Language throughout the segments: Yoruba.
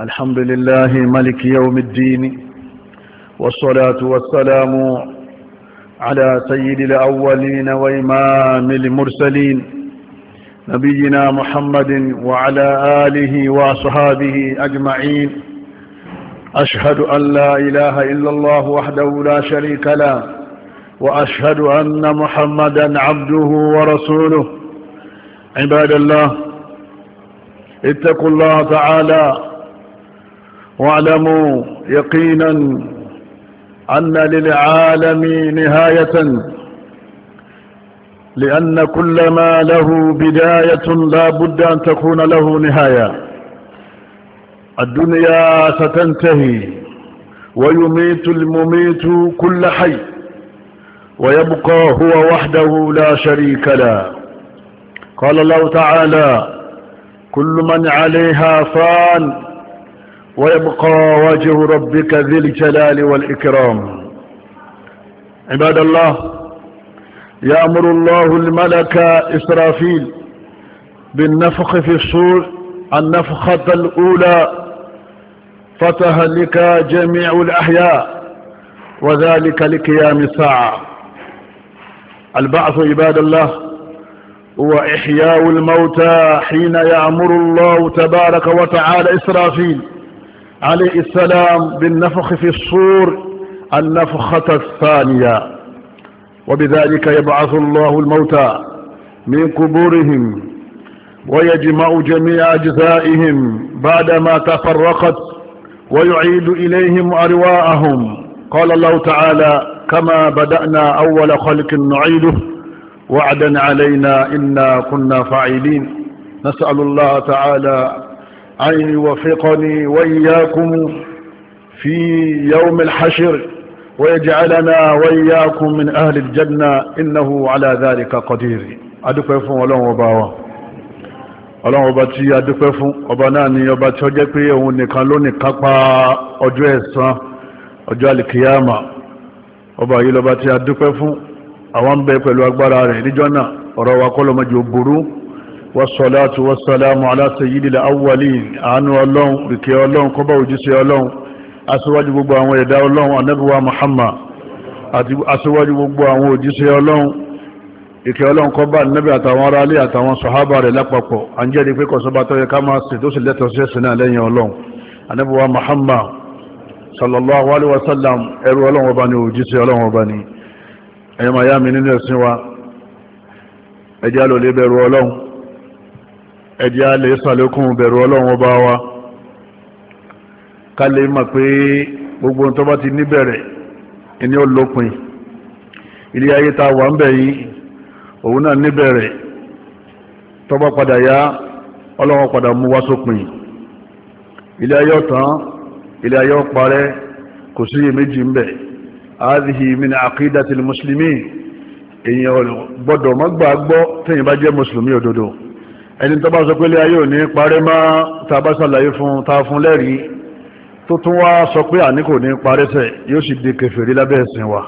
الحمد لله ملك يوم الدين والصلاة والسلام على سيد الأولين وإمام المرسلين نبينا محمد وعلى آله وأصحابه أجمعين أشهد أن لا إله إلا الله وحده لا شريك له وأشهد أن محمدا عبده ورسوله عباد الله اتقوا الله تعالى واعلموا يقينا أن للعالم نهاية لأن كل ما له بداية لا بد أن تكون له نهاية الدنيا ستنتهي ويميت المميت كل حي ويبقى هو وحده لا شريك له قال الله تعالى كل من عليها فان ويبقى وجه ربك ذي الجلال والإكرام عباد الله يأمر الله الملك إسرافيل بالنفخ في الصور النفخة الأولى فتهلك جميع الأحياء وذلك لقيام الساعة البعث عباد الله هو إحياء الموتى حين يأمر الله تبارك وتعالى إسرافيل عليه السلام بالنفخ في الصور النفخة الثانية وبذلك يبعث الله الموتى من قبورهم ويجمع جميع أجزائهم بعدما تفرقت ويعيد إليهم أرواءهم قال الله تعالى كما بدأنا أول خلق نعيده وعدا علينا إنا كنا فاعلين نسأل الله تعالى أن يوفقني وإياكم في يوم الحشر ويجعلنا وإياكم من أهل الجنة إنه على ذلك قدير أدوكي فون ولون وباوة ọlọ́run ọba tí a dúpẹ́ fún ọba náà ni ọba tí ó jẹ́ pé òun nìkan ló kápá ọjọ́ ẹ̀san ọjọ́ alìkìyàmà ọba yìí lọ́ba tí a dúpẹ́ fún àwọn ń bẹ pẹ̀lú agbára rẹ̀ níjọ́ náà ọ̀rọ̀ wa burú والصلاة والسلام على سيد الأولين أنو الله بكي الله قبا وجسي الله أسواج ببا ويدا الله محمد أسواج ببا وجسي الله ìkẹ́ ọlọ́run kó bá nẹ́bí àtàwọn ará alé àtàwọn sọ̀hábà rẹ̀ lápapọ̀ a ń jẹ́rìí pé kọ̀sọ́bà tó yẹ ká máa sì tó sì lẹ́tọ̀ sí ẹ̀sìn náà lẹ́yìn ọlọ́run anábíwá Muhammad sallallahu alaihi ọlọ́run ọba ni òjíṣẹ́ ọlọ́run bẹ̀rù ọlọ́run ẹjẹ́ a lè sàlékún ọlọ́run wa ká lè pé gbogbo tó bá ti níbẹ̀rẹ̀ ẹni ó lópin ilé ayé ta wà ń bẹ̀ yìí òun náà níbẹ̀rẹ̀ tó bá padà yá ọlọ́run padà mú wá sópin ilé ayé ọ̀tán ilé ayé ọ̀parẹ́ kò sí iyèméjì ń bẹ̀ áàdìhì min àkídàtìl mùsùlùmí èèyàn gbọ́dọ̀ mọ́gbàgbọ́ tẹ́yìn ẹni tó bá sọ pé ilé ayé ò ní parẹ́ má tá a bá ṣàlàyé fún ta fún lẹ́rìí tó tún wá sọ pé àní kò ní parẹ́ sẹ̀ yóò sì di kèfèrí lábẹ́ ẹ̀sìn wa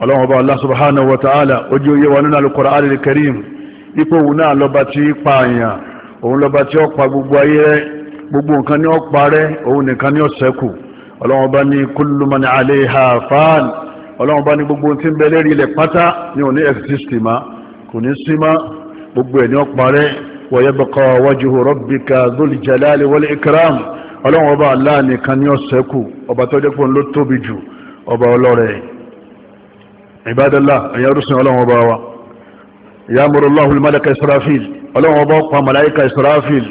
ọlọ́run ọba Allah subhanahu wa ta'ala ojú oyé wa nínú al-Qur'an al-Karim ni ó ní kullu sí ma gbogbo ẹ̀ ni ó parẹ́ ويبقى وجه ربك ذو الجلال والإكرام ọlọ́run ọba Allah nìkan ni ó ṣẹ́kù ọba tó jẹ́pọ̀ ló tóbi jù ọba ọlọ́rẹ̀ ìbádọ́lá ẹ̀yà rúsùn ọlọ́run ọba wa ya mọ̀rọ̀ lọ́hùn mọ́lẹ́ka Israfil ọlọ́run ọba pa mọ̀láíkà Israfil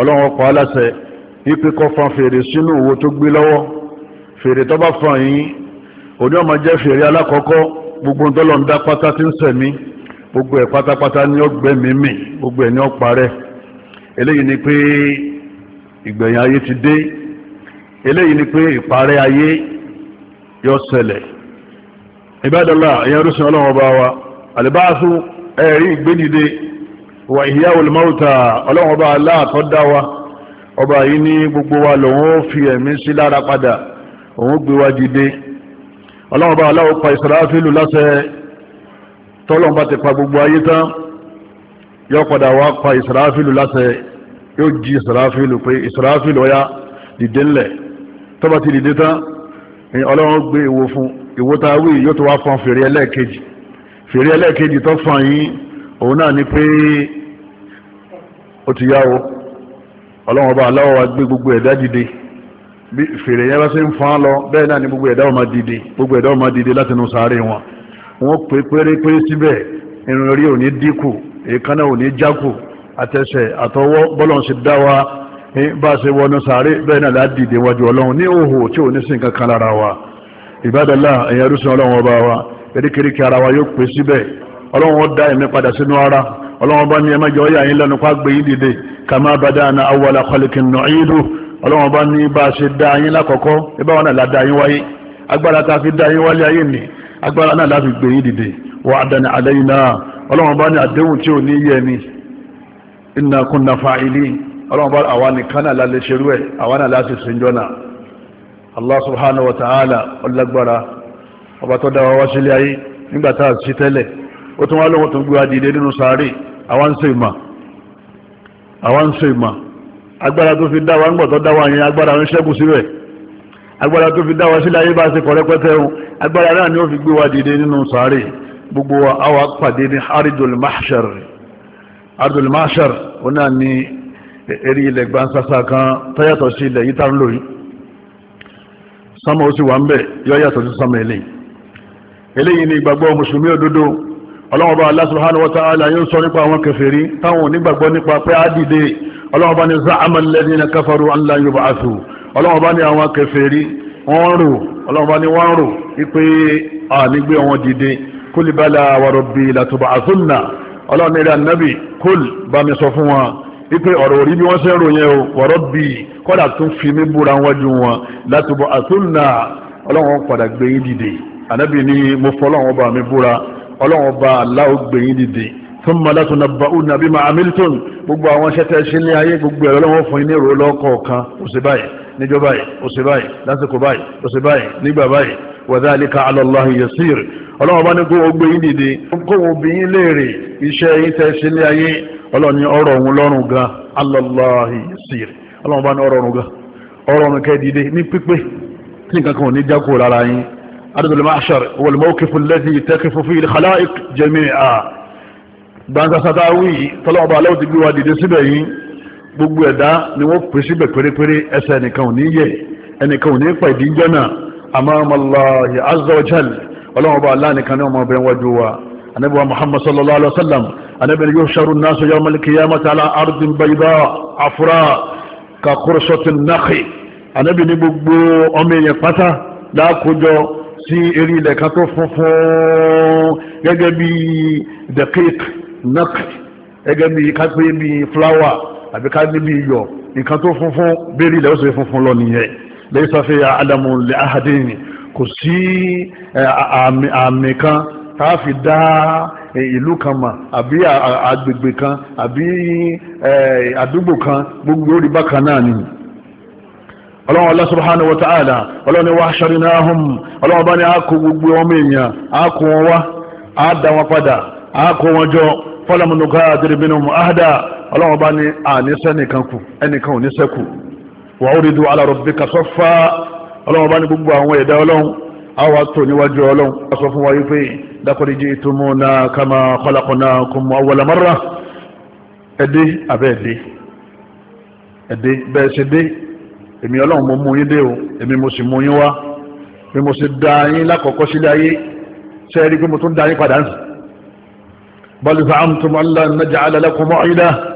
ọlọ́run ọpa aláṣẹ ipe kọ́ fan fèrè sínú òwò tó gbé lọ́wọ́ fèrè tó bá fan yìí òní ọmọ jẹ́ fèrè alákọ̀ọ́kọ́ gbogbo ń tọ́lọ́ ń dá pátá tí ń sẹ̀mí gbogbo ẹ̀ pátápátá ní ọgbẹ́ mímì gbogbo ẹ̀ ní ọparẹ́ eléyìí ni pé ìgbẹ̀yìn ayé ti dé eléyìí ni pé ìparẹ́ ayé yóò ṣẹlẹ̀ ìbádọ́lá ẹ̀yẹ rúṣin ọlọ́run ọba wa àlìbáàsù ẹ̀rí ìgbédìde wà ìyá olùmọ́ta ọlọ́run ọba aláàtọ́ dá wa ọba yìí ní gbogbo wa lòun ó fi ẹ̀mí sí lára padà òun gbé wa dìde ọlọ́run ọba aláwọ̀ pa Ìsìráfílù láṣẹ tọ́lọ́n bá ti pa gbogbo ayé tán yóò padà wá pa ìsìráfílù láṣẹ yóò jí ìsìráfílù pé ìsìráfílù ọya dìde ńlẹ̀ tọ́ba ti dìde tán ọlọ́run gbé ìwo fún ìwo ta wí yóò tó wá fọn fèrè ẹlẹ́ẹ̀kejì fèrè ẹlẹ́ẹ̀kejì tó fọn yín òun náà ni pé ó ti yá o ọlọ́run ọba aláwọ̀ wa gbé gbogbo ẹ̀dá dìde bí fèrè yẹn bá ṣe ń fọn lọ bẹ́ẹ̀ náà ni gbogbo ẹ̀dá ọmọ dìde gbogbo ẹ̀dá ọmọ dìde látinú sáré wọn wọ́n pè pérépéré síbẹ̀ irun orí ò ní dínkù èékánná ò ní jákù àtẹsẹ̀ àtọwọ́ bọ́lọ̀ sí dá wa bá a ṣe wọnú sàárè bẹ́ẹ̀ náà ládìde wájú ọlọ́run ní òhò tí ò ní sí nǹkan kan lára wa ìbádọ́lá èèyàn ọlọ́run ọba wa erékèrékè ara wa yóò pè síbẹ̀ ọlọ́run ó ẹ̀mí padà sínú ara ọlọ́run bá ní ẹ mẹ́jọ ọyà yín lẹ́nu pàgbé yín dìde kama badana awwala khalqin nu'idu ọlọ́run bá ní bá a ṣe yín lákọ̀ọ́kọ́ ibà náà lá yín wáyé agbára ta fi dá yín wálé ayé nìyí agbára náà láti gbé yí dìde wà àdáni àdáyìn náà ọlọ́run bá ní àdéhùn tí ò ní yẹ ni inna kunna fa'ilin ọlọ́run bá àwa nìkan náà lálẹ́ ṣerú ẹ̀ àwa náà láti ṣèjọ́ náà allah subhanahu wa ta'ala ọlágbára ọba tó dáwà wá sílé ayé nígbà tá agbára tó fi dáwà sílẹ̀ ayé bá ṣe kọ̀rẹ́pẹ́tẹ́ ohun agbára náà ni ó fi gbé wa dìde nínú sàárè gbogbo wa awa pàdé ní ardul mahshar ardul mahshar ó náà ní eré ilẹ̀ gbansasa kan tó yàtọ̀ sí ilẹ̀ yìí tá ń lò yìí sánmà ó sì wà ń bẹ̀ yọ yàtọ̀ sí sánmà eléyìí eléyìí ni ìgbàgbọ́ mùsùlùmí òdodo ọlọ́wọ́ba Allah subhanahu wa yóò sọ nípa àwọn kèfèrí táwọn onígbàgbọ́ nípa pé á dìde ọlọ́wọ́ba ni za'ama alladhina kafaru an la yub'athu ọlọ́wọ́n bá ní àwọn kèfèrí wọ́n rò ọlọ́wọ́n bá ní wọ́n rò wípé ànígbé wọn dìde kúlì bala wa rabbi latub'athunna ọlọ́wọ́n ní rẹ̀ ànábì kúl bá mi sọ fún wọn wípé ọ̀rọ̀ orí bí wọ́n ṣe ń ròyìn o wa rabbi kọ́dà tún fi mí búra wájú wọn latub'athunna ọlọ́wọ́n padà gbé dìde ànábì ní mo fọlọ́wọ́n bá mi búra ọlọ́wọ́n bá aláwọ̀ gbé yín dìde ثم لتنبؤن بما عملتم gbogbo àwọn ṣẹ́tẹ́ ṣe ní ayé gbogbo ẹ̀rọ lọ́wọ́ fún inú ìrò lọ́kọ̀ọ̀kan kò sí báyìí níjọ́ báyìí òsè báyìí lásìkò báyìí òsè báyìí nígbà báyìí wa dhalika ala Allahi yasir ọlọ́run bá ní kó o gbé yín dìde kó o bí yín léèrè iṣẹ́ yín tẹ́ ṣe ní ayé ọlọ́run ní ọ̀rọ̀ òun lọ́rùn gan ala Allahi yasir ọlọ́run bá ní ọ̀rọ̀ òun gan ọ̀rọ̀ òun kẹ́ dìde ní pípé tí nǹkan kan ò ní jákò lára yín adadul gbogbo ẹ̀dá ni wọ́n pè síbẹ̀ pérépéré ẹsẹ̀ ẹnìkan ò ní yẹ ẹnìkan ò ní pàdé jọ́nà amamallahi azza wa jal ọlọ́wọ́n bá aláà nìkan ní ọmọ ọbẹ̀ wájú wa anabi wa muhammad sallallahu alaihi wa sallam anabi ni yuhsharu an-nasu yawma al-qiyamati ala ardin bayda afra ka khursati an gbogbo ọmọ èèyàn pátá láàkójọ sí eré ilẹ̀ kan tó funfun gẹ́gẹ́ bí àbí ká níbi iyọ̀ nǹkan tó funfun bẹ́ẹ̀rì ilẹ̀ ó sì funfun lọ nìyẹn lẹ́yìn sáfẹ́ adamu lè ahadini kò sí àmì kan tá a fi dá ìlú kan mà àbí agbègbè kan àbí àdúgbò kan gbogbo orí bákan náà nìyí ọlọ́run Allah subhanahu wa ta'ala ọlọ́run wa sharinahum ọlọ́run bá ní àkó gbogbo ọmọ èèyàn àkó wọn wá àádá wọn padà àkó wọn jọ falam nughadiru minhum ọlọ́run bá ní àníṣẹ́ nìkan kù ẹnìkan ò níṣẹ́ kù wà ó rídu ala rabbika saffa ọlọ́run bá ní gbogbo àwọn ẹ̀dá ọlọ́run àwọn àtò níwájú ọlọ́run a sọ fún wa yí pé dákọ̀dé jẹ́ ìtumúna kama khalaqnakum awwala marra ẹdẹ abẹ́ ẹdẹ ẹdẹ bẹ́ẹ̀ ṣe dé èmi ọlọ́run mo mú yín dé o èmi mo sì mú yín wá bí mo sì dá yín lákọ̀ọ́kọ́ sílé ayé ṣe é rí pé mo tún dá yín padà bal za'amtum an lan naj'ala lakum ma'ida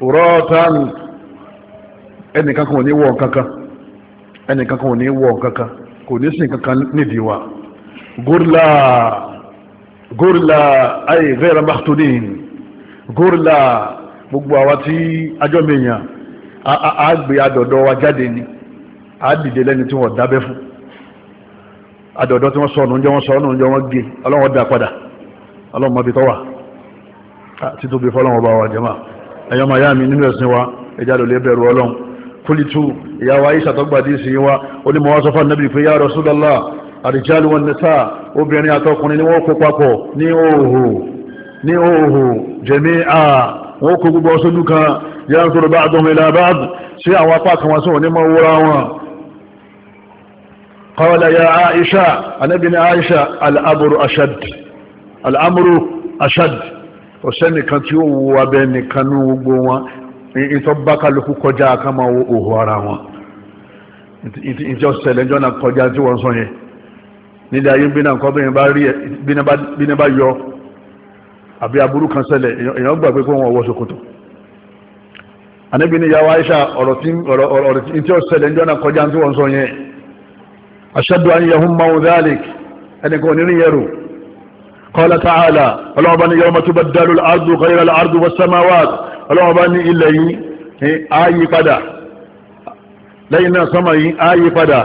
rọ́ọ̀tán ẹnìkan kan ní wọ kankan ẹnìkan kan ní wọ̀ kankan kò ní sìn kankan nídìí wa Gorilla gúrlà ayé gbogbo àwa tí a gbé adọ̀dọ̀ wa jáde ni dìde lẹ́ni tí wọ́n dábẹ́ fún adọ̀dọ̀ tí wọ́n gé ọlọ́wọ́n padà ọlọ́wọ́n tọ́wà bá jẹ́ máa ẹ̀yọ́ máa yá mi nínú ẹ̀sìn wa ẹjá lò lè bẹ̀rù ọlọ́run kúlìtù ìyàwó àyíṣà tó gbàdí sí wa ó ní mọ́ wá sọ fún nàbì pé yá Rasulullah àdìjálù wọn ní sáà obìnrin àtọkùnrin ni wọ́n kó papọ̀ ní òhò ní òhò jẹ̀mí à wọ́n kó gbogbo ọsọ́dún kan yá ń sọ̀rọ̀ bá àdọ́mọ̀ ilẹ̀ àbáàdù sí àwọn apá kan wọn sí wọn ní mọ́ wúra wọn قال يا عائشة أنا ابن عائشة الأمر أشد الأمر أشد ọ̀sẹ́nìkan tí ó wo abẹ́ nìkan ní gbogbo wọn ìtọ́ bá kọjá ká òhò ara wọn ìtí ọ̀sẹ̀lẹ̀ jọ́nà kọjá tí wọ́n sọ yẹn nílẹ̀ ayé bí náà nǹkan bí bá yọ àbí aburú kan ṣẹlẹ̀ èèyàn gbà pé kó wọn yàwó Aisha ọ̀rọ̀ tí ọ̀sẹ̀lẹ̀ jọ́nà kọjá tí wọ́n sọ yẹn ẹnìkan ò qala ta'ala ọlọ́wọ́ba ní yawma tubaddalu al-ardu ghayra al-ardu was-samawat ọlọ́wọ́ba ní ilẹ̀ yìí ayí padà lẹ́yìn náà sọ́mà yìí ayí padà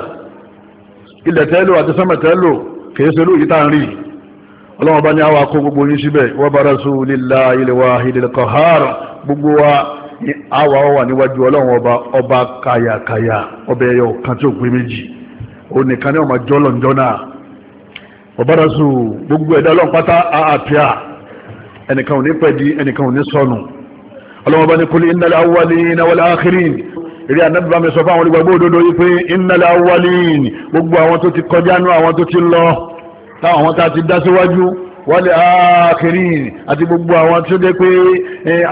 ilẹ̀ tẹ́lò àti sọ́mà tẹ́lò kèéselú ìtàrí ọlọ́wọ́ba ní àwọn akó gbogbo yìí síbẹ̀ wa barazu lillahi al-wahid al-qahhar gbogbo wa àwa wà níwájú ọlọ́wọ́n ọba ọba kayakaya ọbẹ̀ ẹ̀yọ kan tí ò gbé méjì òun nìkan ní ọmọ jọ́lọ̀ njọ́ náà ọ̀bára sùn gbogbo ẹ̀dá ọlọ́run pátá àpíà ẹnìkan ò ní pẹ̀dí ẹnìkan ò ní sọnù ọlọ́run bá ní kúlí innal awwalina wal akhirin eré anábìbá mi sọ fún àwọn olùgbàgbọ́ òdodo yìí pé innal awwalin gbogbo àwọn tó ti kọjá nú àwọn tó ti lọ táwọn àwọn tá a ti dá síwájú wal akhirin àti gbogbo àwọn tó dé pé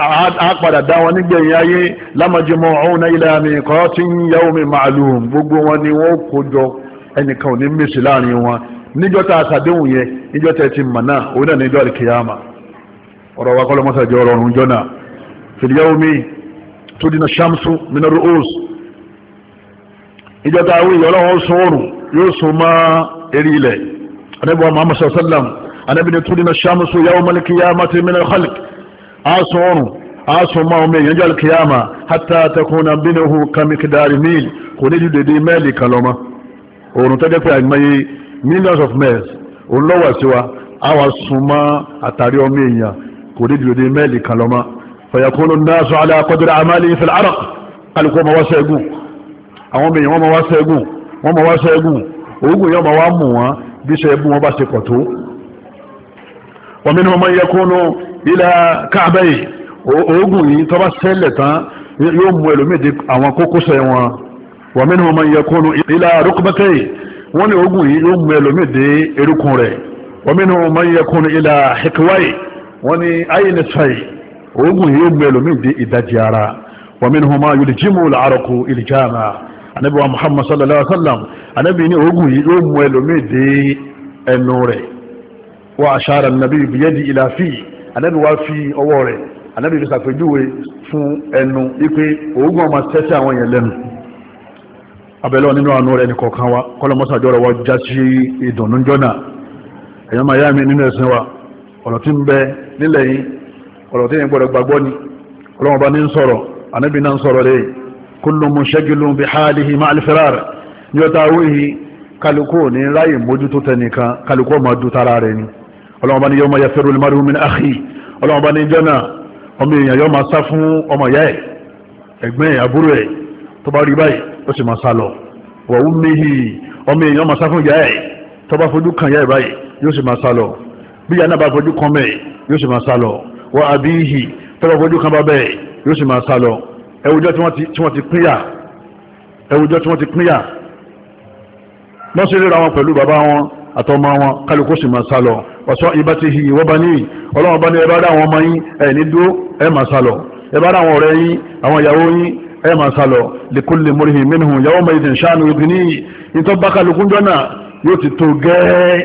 a padà dá wọn nígbẹ̀yìn ayé lamajmu'una ila miqatin yawmin ma'lum gbogbo wọn ni wọ́n kó jọ ẹnìkan ò ní mèsì láàrin wọn níjọ́ tá a sàdéhùn yẹn níjọ́ tẹ̀ ti mọ̀ náà òun náà níjọ́ àlìkìyàmà ọ̀rọ̀ wa kọ́ lọ́mọ́sàjọ́ ọ̀rọ̀ ọ̀run jọ́nà fìdíyàwómi tó dínà ṣàmsù mìnàrú ós ìjọta àwọn ìyọ́ ọlọ́run sún oòrùn yóò sún mọ́ eré ilẹ̀ anábìwá muhammad sallam anábìwá tó dínà ṣàmsù yàwó malikiyama ti mìnàrú khalik àásùn oòrùn àásùn mọ́ omi ìyànjọ́ alkiyama hátà takuna bínahu kamikidari mil kò ní ju dédé mẹ́ẹ̀lì kan lọ́mọ oòrùn tó pé àgbáyé millions of miles òun lọ́wọ́ sí wa a wá sun mọ́ àtàrí ọmọ èèyàn kò dé dìde mẹ́ẹ̀lì kan lọ́mọ́ fayakunu nasu ala qadri amali fil araq kálukú ọmọ wá sẹ́gun àwọn ọmọ èèyàn wọ́n mọ wá sẹ́gun wọ́n mọ wá sẹ́gun òògùn yóò mọ wá mú wọn bí sẹ́gun wọn bá ṣe pọ̀ tó. wa minhum man yakunu ila ka'bayhi òògùn yìí tó bá sẹ́lẹ̀ tán yóò mú ẹlòmíì dé àwọn kókósẹ̀ wọn wa minhum man yakunu ila rukbatayhi wọ́n ní ogun yìí yóò mú ẹlòmíì dé erukun rẹ̀ wọ́n mìíràn wọ́n máa ń yẹkun ilà hikiwai wọ́n ní ayé ní sọ́yì ogun yìí yóò mú ẹlòmíì dé ìdajì ara wọ́n mìíràn wọ́n máa yọlì jímù làárọ̀kù ìlìjàmà anabi wa muhammad sallallahu alaihi wa sallam anabi ní ogun yìí yóò mú ẹlòmíì dé ẹnu rẹ̀ wọ́n aṣáára nàbí bìyẹ́dì ìlàfíì anabi wa fi ọwọ́ rẹ̀ anabi fi fún ẹnu ipe ogun ọmọ tẹ́tẹ́ àwọn yẹn lẹ́nu abẹ́lọ́ nínú àánú rẹ̀ ní kọ̀ọ̀kan wa kọ́lọ̀mọ́sàjọ́rọ̀ wa já sí ìdùnnú jọ́nà èyàn máa yá mi nínú ẹ̀sìn wa ọ̀rọ̀ tí ń bẹ nílẹ̀ yìí ọ̀rọ̀ tí ń gbọ́dọ̀ gbàgbọ́ ni ọlọ́wọ́n bá ní ń sọ̀rọ̀ ànábì náà ń sọ̀rọ̀ lè kullu mushagilun bi halihi ma'al firar ní ọta awúhi kálukú ní ráyè mójútó tẹnìkan kálukú ọmọ dú tara rẹ̀ ni ọlọ́wọ́n bá ní yawma yafirru al-mar'u min akhi ọlọ́wọ́n bá ní jọ́nà ọmọ èèyàn yọ́ máa sá fún ọmọ ìyá ẹ̀ ẹ̀gbẹ́ àbúrò ẹ̀ tó bá rí báyìí ó sì máa sá lọ wà ó méhì ọmọ èèyàn máa sá fún ìyá ẹ̀ tó bá fojú kan ìyá ẹ̀ báyìí yóò sì máa sá lọ bí ìyá náà bá fojú kan mẹ́ẹ̀ yóò sì máa sá lọ wà àbíhì tó bá fojú kan bá bẹ́ẹ̀ yóò sì máa sá lọ ẹwùjọ́ tí wọ́n ti pínyà ẹwùjọ́ tí wọ́n ti pínyà wọ́n sì ríra wọn pẹ̀lú bàbá wọn àtọmọ wọn kálukú sì máa sá lọ ọ̀sán ibà ti hì wọ́n bá ní ọlọ́wọ́n bá ní ẹ bá dá àwọn ọmọ yín ẹ̀ ní dúró ẹ máa sá lọ ẹ bá dá àwọn ọ̀rẹ́ yín àwọn ìyàwó yín ẹ máa sá lọ lèkúlè mọ́rìhì mẹ́nu yàwó mọ́ ìdẹ̀ ṣáànù ìgbìn ní jọ́nà yóò ti tó gẹ́ẹ́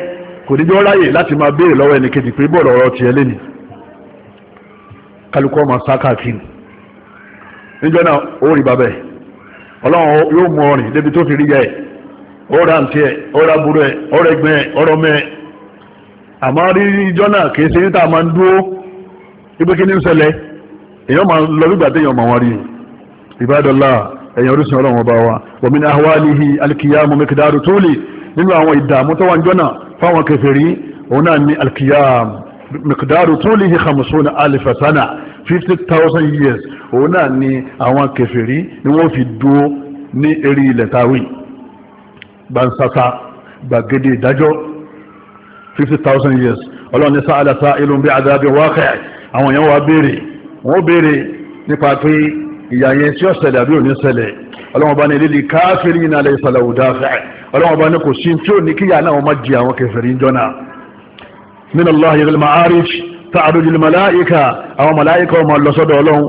kò níjọ́ ráyè láti máa béèrè lọ́wọ́ ẹnìkejì pé bọ̀rọ̀ ọ̀rọ̀ ti lé kálukú ọmọ sá káàkiri níjọ́ náà ọlọ́run yóò mú ọrìn débi tó fi rí yẹ ẹ ẹ mẹ àmọ́ ṣe níta máa ń dúró ìbádọ́lá ẹ̀yàn orísun ọlọ́run ọba wa wọ̀mí ní ahwalihi alkiyamu mikidaru tóli nínú àwọn ìdààmú tó wà ń jọ́nà fáwọn kẹfẹ̀rí òun náà ní alkiyamu mikidaru tóli hi khamsuna alifasana 50,000 years òun náà ní àwọn kẹfẹ̀rí ni wọ́n fi dúó ní eré ilẹ̀ táwì gbansasa gbàgede ìdájọ́ 50,000 years ọlọ́run ní sáàlá sáà ilú bí adájọ́ wákẹ́ àwọn èèyàn ìyà yẹn tí ó ṣẹlẹ̀ àbí òní ṣẹlẹ̀ ọlọ́wọ́n bá ní ilé di káfírí ní alẹ́ ìsàlẹ̀ òdà fẹ́ ọlọ́wọ́n bá ní kò sí tí ó ní kíyà náà wọ́n má jẹ àwọn kẹfẹ̀rí jọ́nà min Allah yẹ̀rẹ̀ ma'arij ta'arujul mala'ika àwọn mala'ika wọn ma lọ sọ́dọ̀ ọlọ́run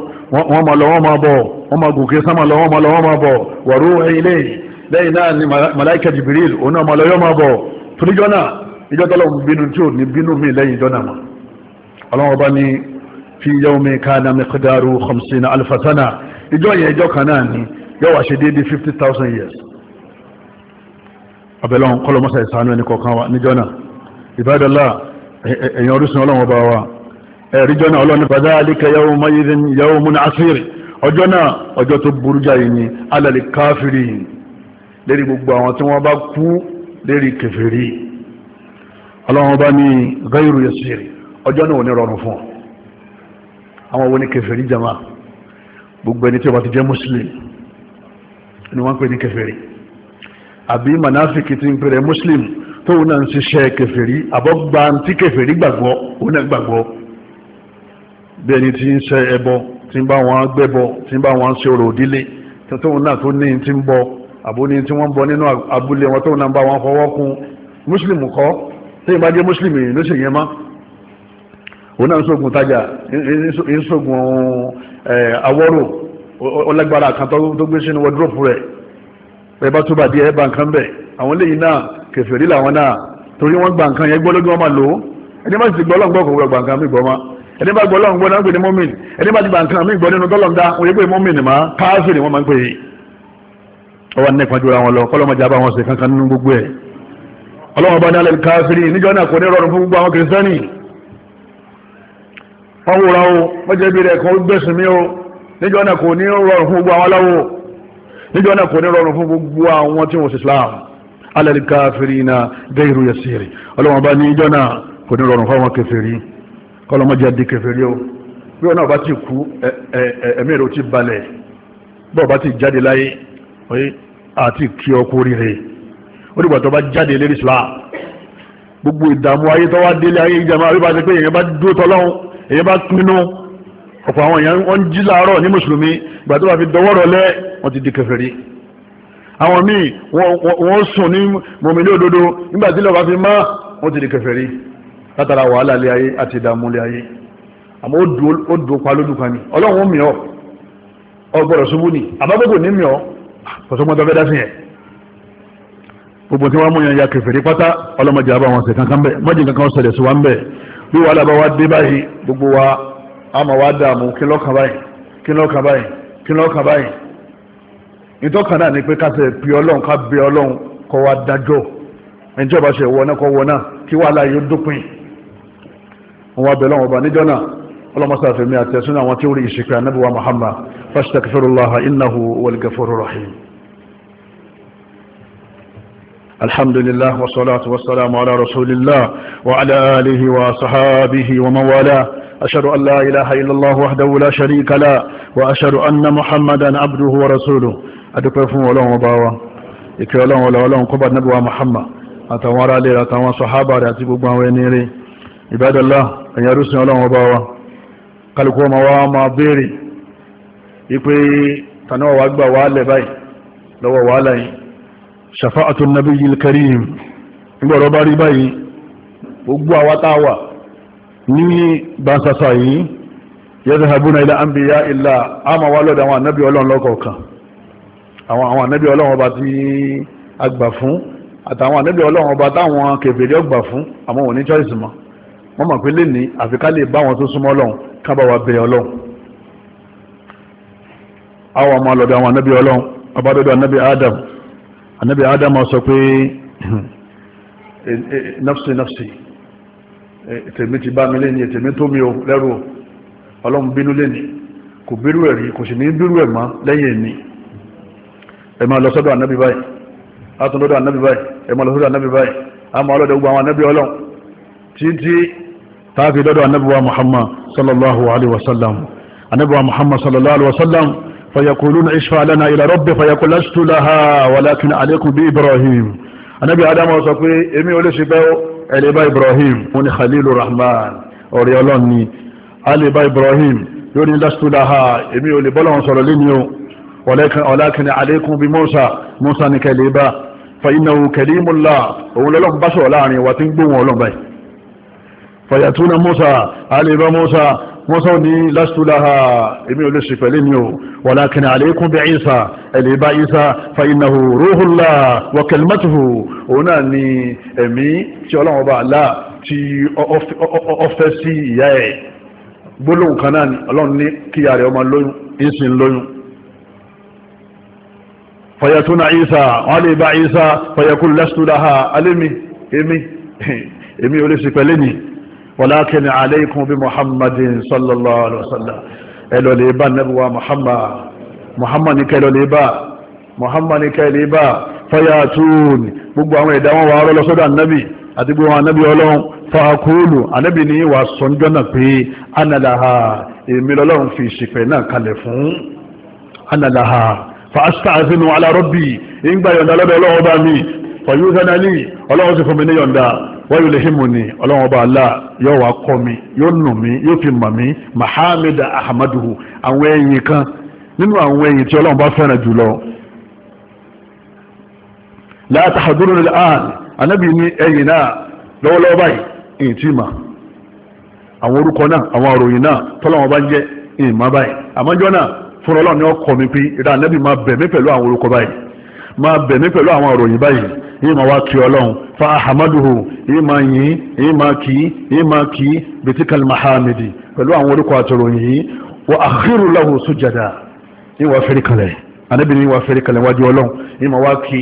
wọn ma lọ wọn ma bọ̀ wọn ma gòkè sáma lọ wọn ma lọ wọn ma bọ̀ wàrú ilé lẹ́yìn ọlọ́wọ́n bá ní fi kana miqdaru khamsina alfa sana ìjọ yẹn ìjọ kan náà ni yóò wá ṣe déédéé fifty thousand years abẹ́lọ́n kọlọmọ́sà ìsànú ẹni kọ̀ọ̀kan wa níjọ́ náà ìbádọ́lá èèyàn orísun ọlọ́run ọba wa ẹ̀ríjọ́ náà ọlọ́run fadhalika yawmun asir ọjọ́ náà ọjọ́ tó burú jáyé ni alẹ́lẹ́ káfírí lérí gbogbo àwọn tí wọ́n bá kú lérí kẹfẹ́rí ọlọ́run ọba ní ghayru yasir ọjọ́ náà ò ní rọrùn fún àwọn wo ni kẹfẹ́rí jama gbogbo ẹni tí ó ti jẹ́ muslim ni wọ́n ń pè ní kèfèrí àbí manafiki ti ń pèrè muslim tóun náà ń ṣiṣẹ́ kèfèrí àbọ̀gbà tí kèfèrí gbàgbọ́ òun náà gbàgbọ́ bí ẹni tí ń ṣe ẹbọ tí ń bá wọn gbẹ́bọ tí ń bá wọn ṣe orò òdílé tóun náà tó ní ti ń bọ àbó ní tí wọ́n bọ nínú abúlé wọn tóun náà ń bá wọn fọwọ́ kún muslim kọ́ tẹ́yìn bá jẹ́ muslim ló ṣèyẹn máa òun náà ń sógun tajà ń sógun awọ́rò ọlágbára kan tó gbé sínú wọ́dúrópù rẹ̀ ẹ̀bá tó bàdí ẹ̀bá nǹkan bẹ̀ àwọn lẹ́yìn náà kèfèrí làwọn náà torí wọ́n gba nǹkan yẹn gbọ́ lójú wọn máa lò ó ẹni bá ti gbọ́ lọ́ngbọ́ kò gba nǹkan mi gbọ́ ma ẹni bá gbọ́ lọ́ngbọ́ náà ń pè ní mọ́mìn ẹni bá ti gba nǹkan mi gbọ́ nínú tọ́lọ́ndá wọ́n yẹ pé mọ́mìn mà káfíìn wọ́n máa ń pè é ọwọ́ nípa jura wọn lọ kọ́lọ́mọ jábá wọn sì kankan nínú gbogbo ẹ̀ ọlọ́wọ́n bá ní alẹ́ káfíìn níjọ́ náà kò ní rọrùn fún gbogbo àwọn kìrìsìtẹ́nì fọwọ́ra o mọ́jẹ́ bí rẹ̀ kan ó gbẹ̀sùn mí o níjọ́ náà kò ní rọrùn fún gbogbo àwọn aláwọ̀ níjọ́ náà kò ní rọrùn fún gbogbo àwọn tí wọ́n sì Islam alẹ́lẹ́ káfírí na gẹ́rù yẹ sèrè ọlọ́wọ́n bá ní níjọ́ náà kò ní rọrùn fáwọn kẹfẹ́rí kọlọ́mọ́jẹ́ di kẹfẹ́rí o bí wọn náà bá ti kú ẹ̀mí rẹ̀ ó ti balẹ̀ bọ́ọ̀ Islam gbogbo ìdààmú ayé tó wá délé ayé ìjàmbá àbí èyí bá pinnu ọ̀pọ̀ àwọn èèyàn wọ́n jí láàárọ̀ ní mùsùlùmí ìgbà tó bá fi dọwọ́rọ̀ lẹ́ wọ́n ti di kèfèrí àwọn míì wọ́n sùn ní mọ̀mílì òdodo nígbà tí lọ́ba fi má wọ́n ti di kèfèrí látara wàhálà lé ayé àti ìdààmú lé ayé àmọ́ ó dùn pa lójú kan ni ọlọ́run ó mì ọ́ ọgbọ́dọ̀ ṣubú ni àbábọ́gbò ní mì ọ́ ah, kọ̀sọ́gbọ́n tó fẹ́ dá sí yẹn gbogbo tí wọ́n mú yẹn ya kèfèrí bí wàhálà bá wá dé báyìí gbogbo wa a máa wá dààmú kí lọ́kàn báyìí kí lọ́kàn báyìí kí lọ́kàn báyìí ìtọ́kàn náà ni pé kásẹ̀ pí ọlọ́run ká bẹ ọlọ́run kọ́ wa dájọ́ ẹnjẹ́ bá ṣe wọ náà kọ́ wọ náà kí wàhálà yóò dópin wọn wá bẹ lọ́wọ́ ọba níjọ́ náà ọlọ́mọsá àfẹ́mi àti ẹ̀sùn àwọn tí ó rí ìṣèpẹ́ anábíwá Muhammad fastaghfirullah innahu wal ghafurur rahim الحمد لله والصلاة والسلام على رسول الله وعلى آله وصحابه ومن والاه أشهد أن لا إله إلا الله وحده لا شريك له وأشهد أن محمدا عبده ورسوله أدكفون ولهم وباوا إكرالهم ولا ولهم قبر نبوى محمد أتوارى لي أتوارى صحابة أتبقى وينيري عباد الله أن يرسل ولهم وباوا قالوا ما wa máa béèrè wípé tànáwà wà gbà wà lẹ̀ ṣàfáàtò nàbí yìí karim gbọ́rọ̀ bá rí báyìí gbogbo àwátáwà ní bansasa yìí yadhhabuna ila anbiya illa àmà wà lọ́dọ̀ àwọn ànábì ọlọ́run lọ́kọ̀ọ̀kan àwọn ànábì ọlọ́run ọba tí a gbà fún àtàwọn ànábì ọlọ́run ọba táwọn kèfèrí ọgbà fún àmọ́ wọn ní choice mọ́ wọ́n mọ̀ pé lè ní àfikà bá wọn tó súnmọ́ ọlọ́run kábà wà bẹ̀rẹ̀ ọlọ́run àwọn ọmọ lọ́dọ̀ àwọn ànábì ọlọ́run ọba dọ́dọ̀ ànábì Adam anábì adam sọ pé nafsi nafsi tèmi ti bá mi lẹ́ni tèmi tó mi ò lẹ́rù ọlọ́run bínú lẹ́ni kò bírú ẹ̀rí kò sì ní bírú ẹ̀ mọ́ lẹ́yìn ẹ̀mí ẹ máa lọ báyìí látọ̀lọ́dọ̀ ànábì báyìí ẹ máa lọ báyìí a máa lọ́dọ̀ gbogbo àwọn ànábì ọlọ́run títí táàfi lọ́dọ̀ ànábì wa muhammad sallallahu alaihi wasallam ànábì wa muhammad sallallahu alaihi wasallam فيقولون اشفع لنا الى ربي فيقول لست لها ولكن عليكم بابراهيم النبي ادم sọ pé èmi ò lè ṣe bẹ́ẹ̀ ele ba ibrahim oni khalilur rahman ori olon ni ale ba ibrahim yoni lastu laha èmi ò lè bọ́lọ́run sọ̀rọ̀ leni o walakin walakin alaykum bi musa musa ni kaliba fa innahu kalimullah o olon ba so láàrin wa tin gbọ́ wọn olon báyìí fayatuna musa ale ba musa mọ́sán ní lásìtúláha èmi ò lè ṣe pẹ̀lú mi ò walakin alaykum bi Isa ẹ̀lẹ́ bá Isa fa innahu ruhullah wa kalimatuhu òun náà ni ẹ̀mí tí ọlọ́run bá là tí ọfẹ́ sí ìyá ẹ̀ gbólóhùn kan ọlọ́run ní kíyà rẹ̀ ọmọ lóyún ìsìn lóyún fayatuna Isa wọ́n lè bá Isa fayakun lásìtúláha alẹ́mi èmi èmi ò lè ṣe walakin aleikum bi muhammadin sallallahu alaihi wasallam ẹlọ lè bá nẹ́bùwà muhammad muhammad ní kẹlọ lè bá muhammad ní kẹlọ lè bá fayatun gbogbo àwọn ẹ̀dá wọn wà á rọ́lọ́ sọ́dọ̀ ànábì àti gbogbo ànábì ọlọ́run fàákùlù ànábì ní wà sọ́njọ́ náà pé anàláha èmi lọ́lọ́run fi ìṣìpẹ̀ náà kalẹ̀ fún anàláha fàáṣtàzínú alárọ́bì ìgbà yọ̀ǹda lọ́dọ̀ ọlọ́run bá mi fàyúzánálì ọlọ́run sì fún mi ní yọ̀ǹda wọ́n yóò lè himu ni ọlọ́wọ́n bá alá yóò wá kọ́ mi yóò nù mí ahamaduhu àwọn ẹ̀yìn kan nínú àwọn ẹ̀yìn tí ọlọ́wọ́n bá fẹ́ràn jùlọ. látàdúró ní àn anábì ní ẹ̀yìn náà lọ́wọ́lọ́wọ́ báyìí ẹ̀yìn tí mà àwọn orúkọ náà àwọn àròyìn náà tọ́lọ́wọ́n bá ń jẹ́ ẹ̀yìn má báyìí àmọ́jọ́ náà fún ọlọ́run ni ọkọ̀ mi pé ìdá anábì bẹ̀ mí pẹ̀lú àwọn yìí máa wá kí ọlọ́run fa ahamaduhu yìí máa yìn yìí máa kì yìí máa kì bitikal mahamidi pẹ̀lú àwọn orúkọ àtọ̀ròyìn yìí wa akhiru lahu sujada yìí wá fẹ́rí kalẹ̀ anábìrin yìí wá wájú ọlọ́run yìí máa kí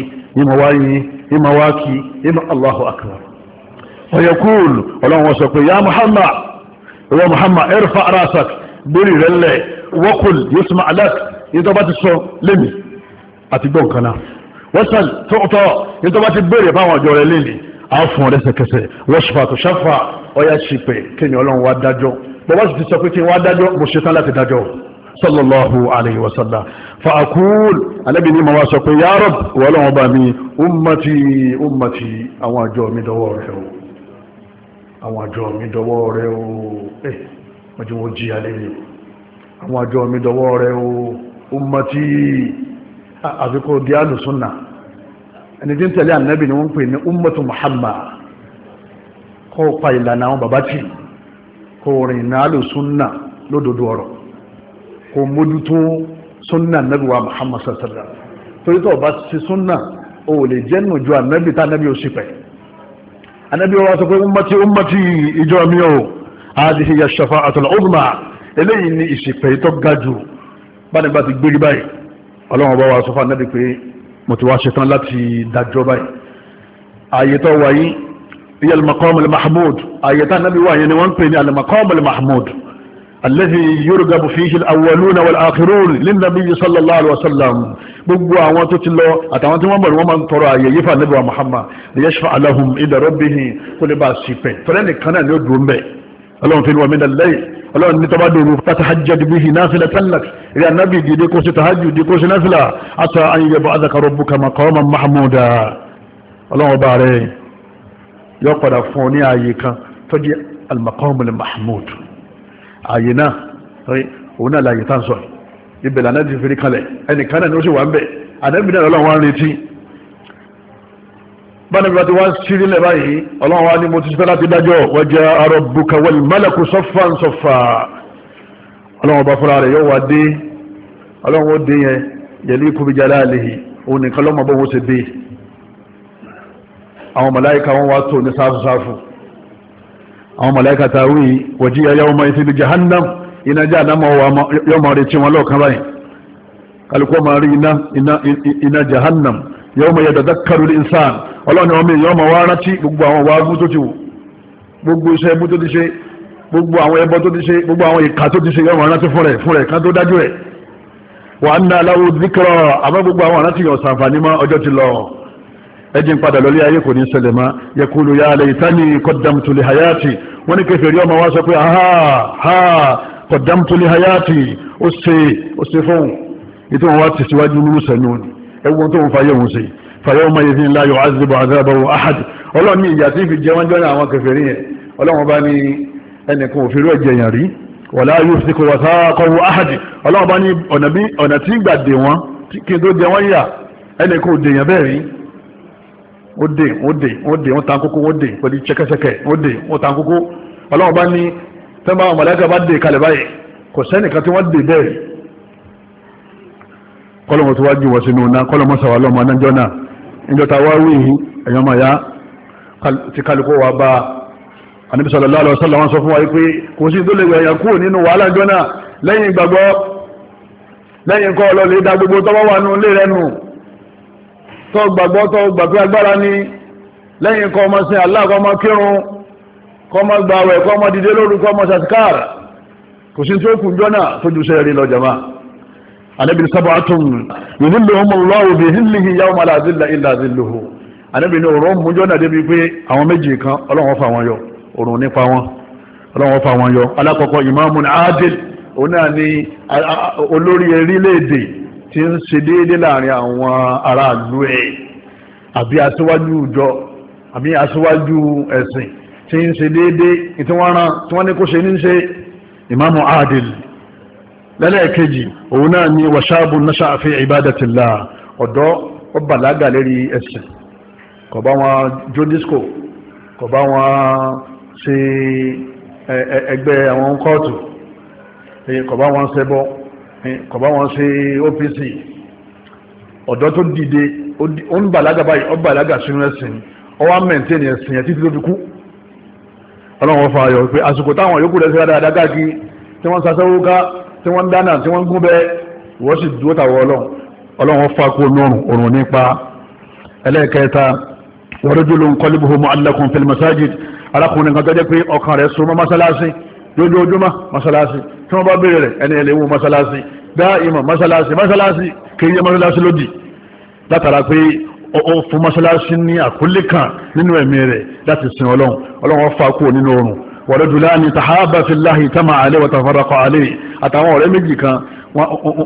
yìí máa wọ́sàn tó tọ́ ní tó bá ti béèrè fáwọn ọjọ́ rẹ̀ lélẹ̀ á fún ọ lẹ́sẹ̀kẹsẹ̀ wọ́ṣfà tó ṣàfà ọyá ṣìpẹ̀ kéèyàn ọlọ́run wá dájọ́ bọ́bá sì ti sọ pé kí n wá dájọ́ mo ṣetán láti dájọ́ sallallahu alayhi wa sallam fa akul anabi ni ma wa sọ pé ya rab wọlọ́wọ́ mi ummati ummati àwọn àjọ mi dọwọ́ rẹ o àwọn àjọ mi dọwọ́ rẹ o eh wọ́n ti wọ́n jí alẹ́ yìí àwọn àjọ mi dọwọ́ rẹ o ummati àfikò di alùsùnà ẹni tí ń tẹ̀lé ànábì ni wọ́n pè ní ummatu muhammad kó pa ìlànà àwọn bàbá tì kó rìn ní alùsùnà lódodo ọ̀rọ̀ kó mójútó sunna ànábì wa muhammad sàṣàdà torí tó bá ti sunna o lè jẹ́ nù ju ànábì tá ànábì ó sì pẹ̀ ànábì wa sọ pé ummati ummati ìjọ mi o àdìhìyà shafa'atul uzma eléyìí ni ìsìpẹ̀ tó ga jù bá nígbà ti gbérí báyìí ọlọ́run ọba wa sọ fún anábì pé mo ti wá ṣetán láti dájọ́ báyìí ààyè tó wà yìí iye al-maqam al-mahmud ààyè tá anábì wà yẹn ni wọ́n ń pè ní al-maqam al-mahmud alladhi yurgabu fihi al-awwaluna wal-akhirun lin-nabiyyi sallallahu alaihi wasallam gbogbo àwọn tó ti lọ àtàwọn tí wọ́n bọ̀ wọ́n máa ń tọrọ ààyè yífa níbi wa muhammad liyashfa'a lahum inda rabbihim kó lè bá a sì pẹ̀ tọ́lẹ́ nìkan náà ni ó dùn bẹ́ẹ̀ ọlọ́run fi wọ́n mi dàlẹ́yìn ọlọ́run ní tọ́ba dòru fatahajjad bihi nafilatan lak eré anábì dìde kó ṣe tahajjud dìde kó ṣe náfìlà ata an yab'athaka rabbuka maqaman mahmuda ọlọ́run ọba rẹ̀ yọ padà fún ọ ní ààyè kan tọ́jú al-maqamul ààyè náà òun náà láàyè tá sọ ibẹ̀ lànà ti fi kalẹ̀ ẹnìkan náà ni ó sì wà ń bẹ̀ ànábì ọlọ́run wá ń retí bánibi bá ti wá sírí lẹ̀ báyìí ọlọ́run wa ni mo ti fẹ́ láti dájọ́ wa jaa rabbuka wal malaku saffan saffa ọlọ́run ọba fúnra rẹ̀ yóò wá dé ọlọ́run ó dé yẹn yaliku bi jalalihi òun nìkan lọ́mọ bó wọ́n ṣe dé àwọn màláíkà wọn wá tó ní sáfùsáfù àwọn màláíkà tàwí wọ̀jí yawma ìsìn ní jahannam iná jẹ́ àdámọ́ yọmọ rẹ̀ tí wọn lọ́ọ̀kan báyìí kálukọ́ máa rí iná jahannam yawma yatadhakkaru al-insan ọlọ́ni ọmọ èèyàn ọmọ wa rántí gbogbo àwọn ọwọ́ agún tó ti wù gbogbo iṣẹ́ ẹbú tó ti ṣe gbogbo àwọn ẹbọ tó ti ṣe gbogbo àwọn ìka tó ti ṣe yọmọ rántí fún rẹ̀ fún rẹ̀ kan tó dájú ẹ̀ wà á ná aláwo díkọ̀rọ̀ àmọ́ gbogbo àwọn rántí yàn sàǹfààní mọ́ ọjọ́ ti lọ ẹjìn padà lọlé ayé kò ní ṣẹlẹ̀ mọ́ yẹkulu ya laytani qaddamtu li hayati wọ́n ní kẹfẹ́ rí ọmọ wa sọ pé ha ha qaddamtu hayati ó ṣe ó ṣe fóun ètò wọn tẹ̀síwájú nínú sẹ́nu ẹ̀wọ̀n tó ń fa yẹ̀wọ̀n sí i fàyọ́mọ yìí ńlá yóò azìbò azábọ̀wò ahadi ọlọ́ni ìyà tí fi jẹ wọ́n jọ́nà àwọn kèfèrí yẹn ọlọ́wọ́n bá ní ẹnìkan òfin rẹ̀ jẹyàn rí wọ̀lá yóò sì kò wọ̀sá kọwọ́ ahadi ọlọ́wọ́n bá ní ọ̀nà tí gbà sẹ́nìkan tí wọ́n dè bẹ́ẹ̀ kọ́lọ́mọ̀ tó wájú wọ́n sínú náà kọ́lọ́mọ̀ sàwálọ́mọ náà náà ìjọta wá wí ẹ̀yàn máa yá ti kálukú wa bá Ànábì sallallahu alaihi sọ fún wa pé kò sí tó lè wẹ̀ ẹ̀yàn kúrò nínú wàhálà ìjọ náà lẹ́yìn ìgbàgbọ́ lẹ́yìn kọ́ ọlọ́lẹ̀ ìdá gbogbo tọ́wọ́ nù lè rẹnu Allah kọ́ ọmọ kírun kọ́ ọmọ gbàwẹ̀ kọ́ ọmọ dìde lóru kọ́ ọmọ sàtíkàr anabi sab'atun yudhilluhum Allahu bi dhillihi yawma la dhilla illa dhilluhu anabi ni òrùn mújọ́ náà débi pé àwọn méjì kan ọlọ́run fa wọn yọ òrùn nípa wọn ọlọ́run fa wọn yọ alákọ̀ọ́kọ́ imamun adil òun náà ni olórí orílẹ̀-èdè tí ń ṣe déédé láàrin àwọn aráàlú ẹ̀ àbí aṣíwájú ìjọ àbí aṣíwájú ẹ̀sìn tí ń ṣe déédé tí wọ́n rán tí wọ́n ní kó ṣe ní ṣe imamu adil lẹ́lẹ́ẹ̀kejì òun náà ni wàṣáàbù náṣà fi ìbádàtìlá ọ̀dọ́ ó bàlágà lérí ẹ̀sìn kò bá wọn jó disco kò bá wọn ṣe ẹgbẹ́ àwọn kóòtù kò bá wọn ṣẹbọ kò bá wọn ṣe OPC ọ̀dọ́ tó dìde ó ń bàlágà báyìí ó bàlágà sínú ẹ̀sìn ó wá mẹ́ntẹ́nì ẹ̀sìn ẹ̀ títí tó fi kú ọlọ́run ọ̀fà ayọ̀ pé àsìkò táwọn yòókù rẹ̀ sí dáadáa tí wọ́n sasẹ́wó ká tí wọ́n ń dáná tí wọ́n ń gún bẹ́ẹ̀ wọ́n sì dúró tàwọ̀ ọlọ́run ọlọ́run fa kó lọ́rùn òrùn nípa ẹlẹ́ẹ̀kẹta wọ́n lójú ló ń kọ́ líbu homo alákùn fil masajid alákùnrin kan tó jẹ́ pé ọkàn rẹ̀ súnmọ́ masalasi lójoojúmọ́ masalasi tí wọ́n bá béèrè rẹ̀ ẹni ẹlẹ́wọ̀ masalasi dáìmọ̀ masalasi masalasi kìí yẹ masalasi lódì látara pé ó fún masalasi ní àkúlé kan nínú ẹ̀mí rẹ̀ láti sin ọlọ́run ọlọ́run fa nínú òrùn warajulani tahaba fillahi ìtàmà alẹ́ wàtàfàrakọ̀ alẹ́ àtàwọn ọ̀rẹ́ méjì kan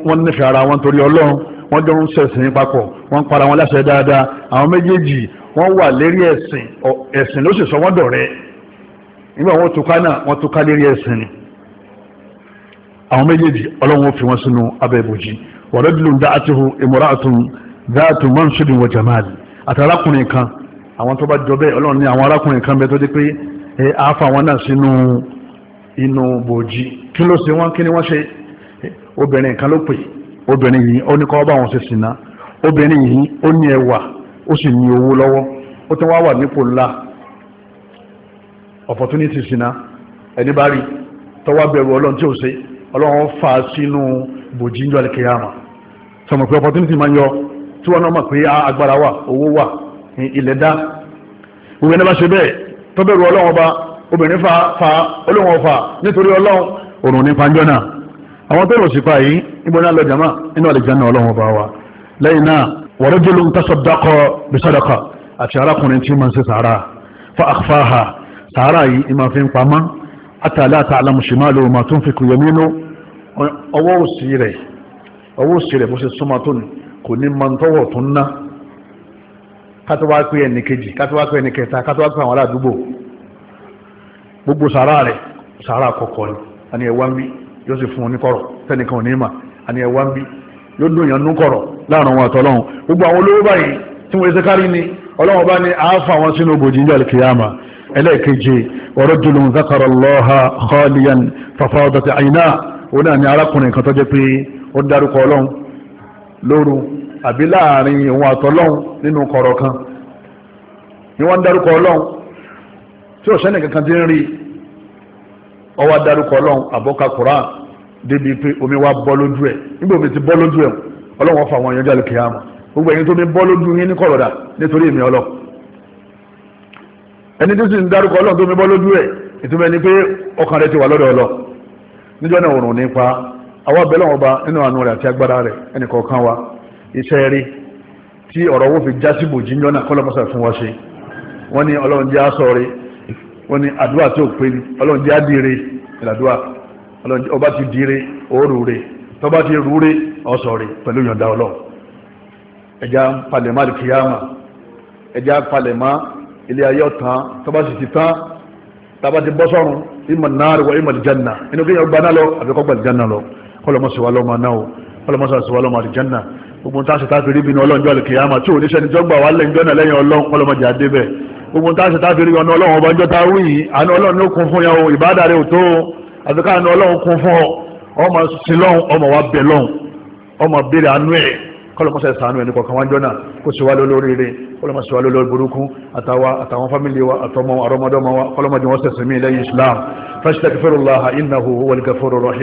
wọ́n nífẹ̀ẹ́ ara wọn torí ọlọ́run wọ́n jọ ń ṣẹ̀sìn papọ̀ wọ́n ń para wọn láṣẹ dáadáa àwọn méjèèjì wọ́n wà lérí ẹ̀sìn ẹ̀sìn ló sì sọ wọ́n dọ̀rẹ́ nígbà wọn túká náà wọ́n túká lérí ẹ̀sìn ni àwọn méjèèjì ọlọ́run fi wọn sínú abẹ́ ìbòjì warajulun àáfà wọn náà sínú inú bòjì kí ló ṣe kí ni ṣe obìnrin kan ló pè obìnrin yìí ó ní kọ́ wọn ṣe sìnà obìnrin yìí ó ní ẹwà ó sì ní owó lọ́wọ́ ó tún wá wà nípò ńlá opportunity sìnà ẹni bá rí tọ́wọ́ bẹ̀rù ọlọ́run tí ò ṣe ọlọ́run fà sínú ń opportunity máa ń yọ tí wọ́n náà mọ̀ pé agbára wà owó wà ilẹ̀ dá gbogbo ẹni bá tó bẹ̀rù ọlọ́run ọba obìnrin fa fa olóhùn ọfà nítorí ọlọ́run òrùn ní panjọ́ náà àwọn tó rò sí pa yìí níbo náà lọ jama inú àlùjánnà ọlọ́run ọba wa lẹ́yìn náà wa rajulun tasaddaqa bi sadaqa àti arákùnrin tí ma ń ṣe sàárà fa akhfaha sàárà yìí ìmọ̀ fi ń pamọ́ àtàlẹ́ àtàlámù shimalu ma tunfiqu yaminu ọwọ́ òsì rẹ̀ ọwọ́ òsì rẹ̀ bó ṣe súnmọ́ tó ní kò ní ma ń tọ́wọ̀ tó ń ná kátó wá pé ẹnì kejì kátó wá pé ẹnì kẹta kátó wá pé àwọn aládùúgbò gbogbo sàárà rẹ̀ sàárà kọ̀kọ̀ ni a ní ẹwà ń bí yóò sì fún un ní kọ̀rọ̀ tẹ́nìkan ní mà a ní ẹwà ń bí yóò dùn yàn nú kọ̀rọ̀ láàrin àwọn àtọ́lọ́hún gbogbo àwọn olówó báyìí tí wọ́n ṣe kárí ni ọlọ́wọ́n bá ní àáfà wọn sínú bòjì ní alkiyama ẹlẹ́ẹ̀keje warajulun zakara Allaha khaliyan fafadat àyínà òun náà ní arákùnrin kan tó pé ó dárúkọ ọlọ́run lóru àbí láàrin ohun àtọ́lọ́hun nínú kọ̀rọ̀ kan ni wọ́n dárúkọ ọlọ́hun tí ọ̀sẹ́nì kankan ti ń rí ọwọ́ dárúkọ ọlọ́hun àbọ́ka débi pé omi wa bọ́ lójú ẹ̀ nígbà omi ti bọ́ lójú ẹ̀ ọlọ́hun fa àwọn èèyàn jáde kìyàmù gbogbo ẹ̀yin tó mi bọ́ lójú yín ní kọ̀rọ̀dà nítorí èmi ọlọ́hun ẹni tó sì ń dárúkọ ọlọ́hun tó mi bọ́ lójú ẹ̀ ìtumọ̀ ẹni pé ọkàn ti wà lọ́dọ̀ níjọ́ náà òrùn nípa àwọn nínú àánú àti iṣẹ́ rí tí ọ̀rọ̀ owó fi já sí bòjí yọ́nà kọ́lọ́mọ́sà fún wa ṣe wọ́n ní ọlọ́run jẹ́ aṣọ rí wọ́n ní àdúrà tí ó pé ní ọlọ́run jẹ́ adìre ìlàdúrà ọba ti dire òórù re tọba ti rú re ọ̀sọ̀ rí pẹ̀lú yọ̀ǹda ọlọ́run ẹja palẹ̀mọ́ àdìkìyàmà ẹja palẹ̀mọ́ ilé ayé ọ̀tán tọba sì ti tán tàbá ti bọ́ sọ́run ìmọ̀ náà rẹ̀ wọ ìmọ̀ ìjánà inú kí yẹn gbaná lọ àbíkọ́ gbàlìjánà lọ kọ́lọ́mọ́sọ̀wálọ́mọ náà kọ́lọ́mọ́sọ̀wálọ́mọ àdìjánà gbogbo tá a ṣe táfi rí bínú ọlọ́njọ́ alìkìyàmà tí ò ní sẹ́ni jọ́gbà wà lẹ́yìn jọ́nà lẹ́yìn ọlọ́run ọlọ́mọdé àdébẹ̀ gbogbo tá a ṣe táfi rí ọ̀nà ọlọ́run ọba jọ́ta wíyìn àná ọlọ́run ló kún fún yà ó ìbádà rẹ̀ ò tó àná ọlọ́run kún fún ọ ọmọ sí ọmọ wa bẹ̀ lọ́hùn ọmọ béèrè àánú ẹ̀ kọlọmọsẹ sànú